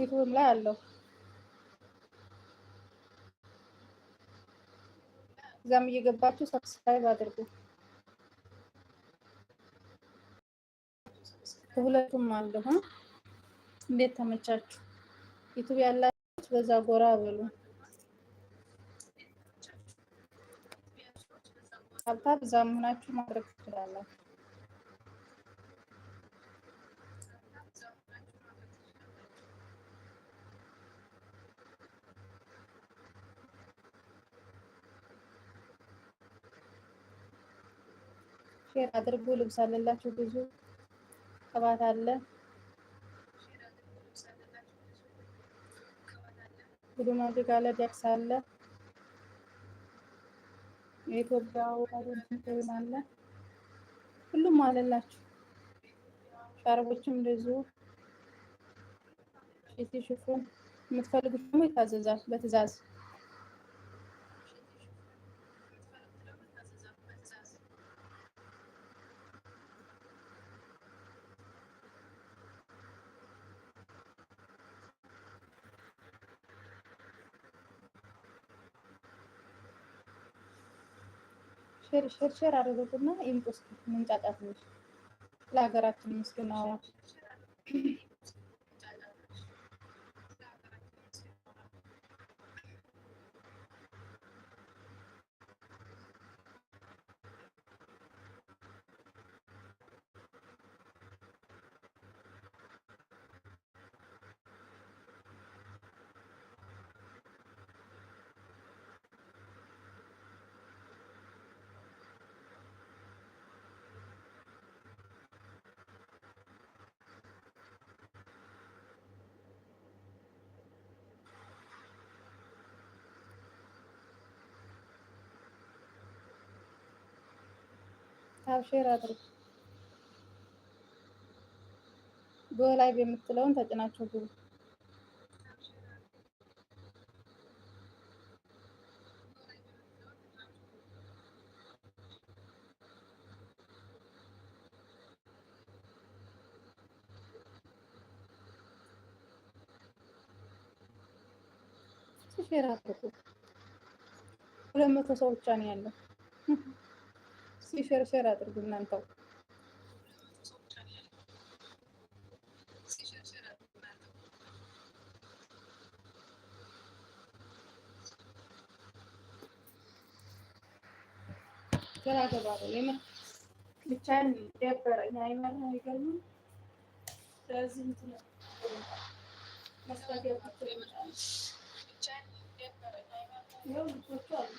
ዩቱብም ላይ አለው። እዛም እየገባችሁ ሰብስክራይብ አድርጉ። ከሁለቱም አለሁ። እንዴት ተመቻችሁ? ዩቱብ ያላችሁ በዛ ጎራ በሉ። ሀብታብ እዛ መሆናችሁ ማድረግ ትችላላችሁ። ሼር አድርጉ። ልብስ አለላችሁ ብዙ ቅባት አለ። ሁሉም አድርጋ አለ ደክስ አለ የኢትዮጵያ አለ። ሁሉም አለላችሁ። ሻርቦችም እንደዚሁ ሺቲ ሽፉን የምትፈልጉት ደግሞ ይታዘዛል በትእዛዝ ሽርሽር አድርጉትና ይምጡስ ምንጫጫት ነው ለሀገራችን ምስግና ታብሼር አድርጉ። ጎ ላይቭ የምትለውን ተጭናችሁ ግቡ። ሼር አድርጉ። ሁለት መቶ ሰዎች ነው ያለው። እስኪ ሸር አድርጉ እናንተው ገና ገባ ነው ደበረኝ። አይመር ነው ስለዚህ እንትን መስታወቂያ ብቻዬን ደበረኝ። አይመር ነው